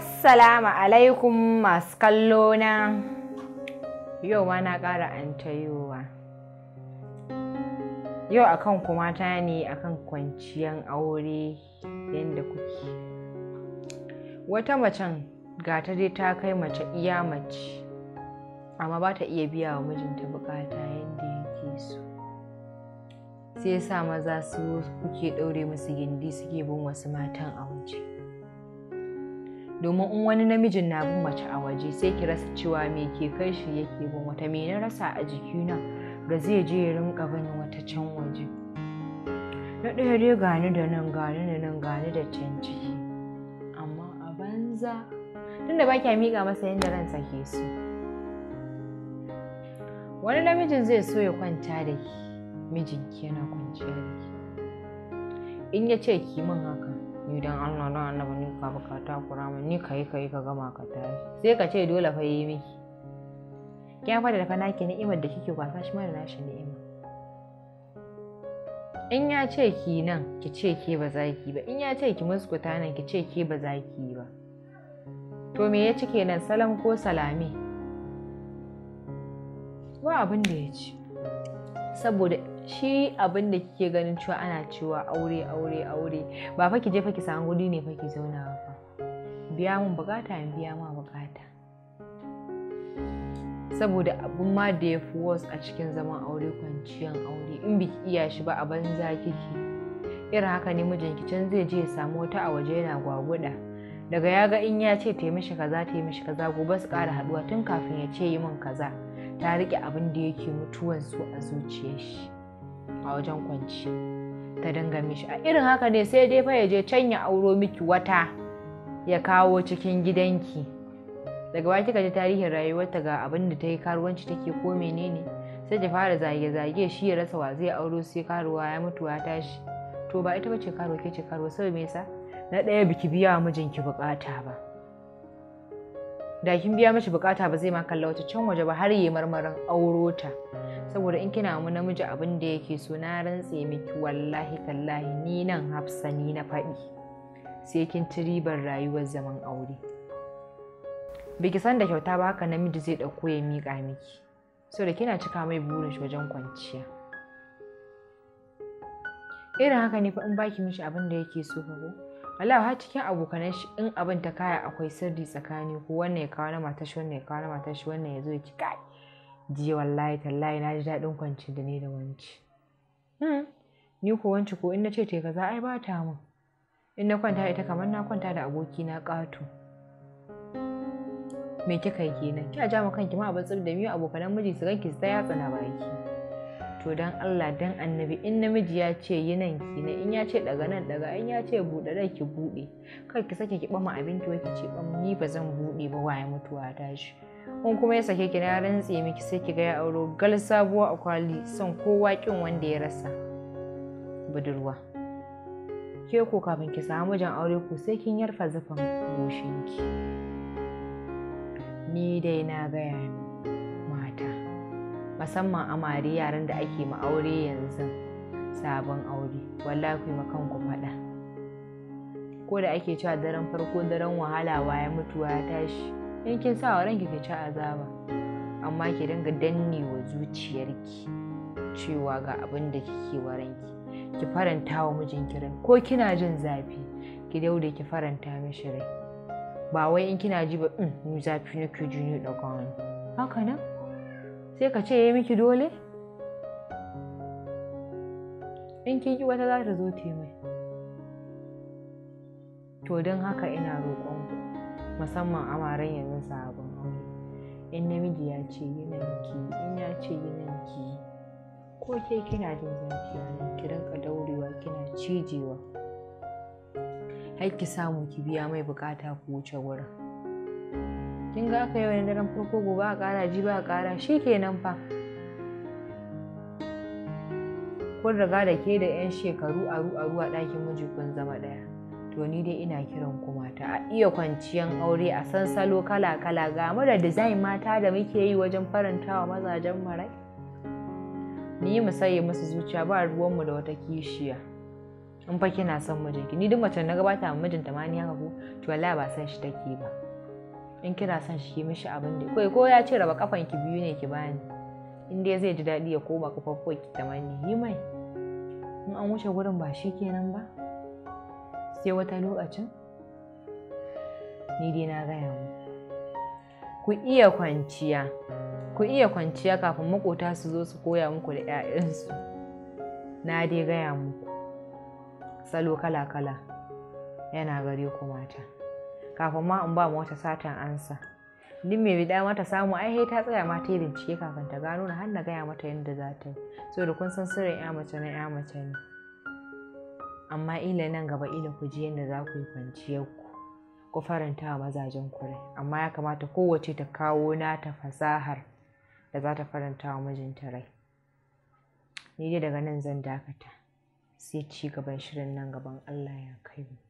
Assalamu alaikum masu kallo na yau ma na ƙara an tayowa. Yau akan kuma ta ne akan kwanciyan aure yadda kuke. Wata macen gata dai ta kai mace iya mace, amma ba ta iya biya wa mijinta bukata yadda yake so. Sai sa maza su kuke ɗaure musu gindi suke bin wasu matan a waje. domin in wani namijin na bin mace a waje sai ki rasa cewa me ke kai shi yake bin wata me na rasa a jikina ga zai je ya rinka bin wata can waje na ɗaya dai gani da nan gani da nan gani da can ciki amma a banza tunda ba kya miƙa masa yadda ransa ke so wani namijin zai so ya kwanta da ki mijinki yana kwanciya da ki in ya ce ki min haka Idan Allah don annabi ni ka baka kura mai ni kai kai ka gama ka tashi sai ka ce dole fa yi miki kya fada da fana ki ni'imar da kike kwasa shi ma nashi ni'ima in ya ce ki nan ki ce ke ba za ki ba in ya ce ki muskuta nan ki ce ke ba za ki ba to me ya ci kenan salam ko salami. ba abin da ya ci saboda shi abinda kike ganin cewa ana cewa aure aure aure ba fa ki fa ki samu ne fa ki zauna ba biya mun bukata in biya ma bukata saboda abin ma da ya fi wasu a cikin zaman aure kwanciyan aure in biki iya shi ba a banza kike irin haka ne ki can zai je ya samu wata a waje yana gwagwada daga ya ga in ya ce ta yi mishi kaza ta yi mishi kaza gobe su ƙara haɗuwa tun kafin ya ce yi min kaza ta riƙe abin da yake mutuwan su a zuciyar shi a wajen kwanci ta dinga mishi a irin haka ne sai dai fa ya je can ya auro miki wata ya kawo cikin gidanki daga baya kika ji tarihin rayuwarta ga abin da ta yi karuwanci take ko menene sai ki fara zage-zage shi ya rasa wa zai auro sai karuwa ya mutu ya tashi to ba ita bace karuwa ke ce karuwa saboda me yasa na ɗaya biki biya mijinki bukata ba da kin biya mishi bukata ba zai ma kalla wata can waje ba har yi marmarin auro ta saboda in kina mu namiji abin da yake so na rantse miki wallahi tallahi ni nan hafsa ni na faɗi sai kin ci ribar rayuwar zaman aure biki san da kyauta ba haka namiji zai ɗauko ya mika miki saboda kina cika mai burin shi wajen kwanciya irin haka ne fa in baki mishi abin da yake so ko wala har cikin abokanan shi in abin ta kaya akwai sirri tsakani ko wannan ya kawo na mata shi wannan ya kawo na mata shi wannan ya zo ya ci kai jiya wallahi tallahi na ji daɗin kwanci da ne da wanci hmm. ni ko wanci ko in na ce te kaza ai ba ta min in na kwanta ita kamar na kwanta da aboki na ƙato me kika yi kenan kina ja ma kanki ma abin tsir da miyo abokanan miji su ganki su ta yatsa na baki to dan Allah dan annabi in namiji ya ce yi nan ki ne in ya ce daga nan daga in ya ce buɗe rai ki buɗe kai ki sake ki bama abinci wa ki ce bam ni ba zan buɗe ba waye mutuwa tashi in kuma ya sake ki na rantse miki sai ki ga ya auro gal sabuwa a kwali son kowa kin wanda ya rasa budurwa ke ko kafin ki samu mijin aure ku sai kin yarfa zufan goshinki ni dai na gaya ni musamman amare yaran da ake ma aure yanzu sabon aure wallahi ku ma kanku faɗa ko da ake cewa daren farko daren wahala wa ya mutuwa ya tashi in kin sa wa ranki ki ci azaba amma ki dinga danne wa zuciyarki cewa ga abin da kike wa ranki ki faranta wa mijinki rai ko kina jin zafi ki dauda ki faranta mishi rai ba wai in kina ji ba mm, in zafi ke jini da hannu haka nan sai ka ce ya miki dole in kin yi wata za ta zo mai to don haka ina roƙon ku musamman amaren yanzu sabon aure in namiji ya ce yinan in ya ce yinan ko ke kina jin zafi ranar ki rinka daurewa kina cijewa har ki samu ki biya mai bukata ku wuce wurin kin ga ka yi wani daren farko gobe a kara ji ba a kara shi kenan fa kun riga da ke da 'yan shekaru aru aru a ɗakin miji kun zama ɗaya to ni dai ina kiran ku mata a iya kwanciyan aure a san salo kala kala ga mu da design mata da muke yi wajen farantawa mazajen marai mu yi musu zuciya ba ruwanmu da wata kishiya in fa kina son mijinki ni duk mace na gabata mijinta ma ni haka ko to wallahi ba san shi take ba in kina son shi mishi abin da kai ko ya ce raba kafan ki biyu ne ki bani in dai zai ji daɗi ya koma kafafuwa ki ta mani yi mai in an wuce gurin ba shi kenan ba sai wata lokacin ni dai na gaya mu ku iya kwanciya ku iya kwanciya kafin makota su zo su koya muku da 'ya'yansu na dai gaya muku salo kala-kala yana gare ku mata kafin ma in ba mu wata satan ansa duk mai dama mata samu ai ta tsaya ma ta bincike kafin ta gano na har na gaya mata yadda za ta yi da kun san sirrin ya mace na ya mace ne amma ila nan gaba ila ku ji yadda za ku yi kwanciyar ku ku faranta wa mazajen ku rai amma ya kamata kowace ta kawo ta fasahar da za ta faranta wa mijinta rai ni dai daga nan zan dakata sai ci gaban shirin nan gaban Allah ya kai mu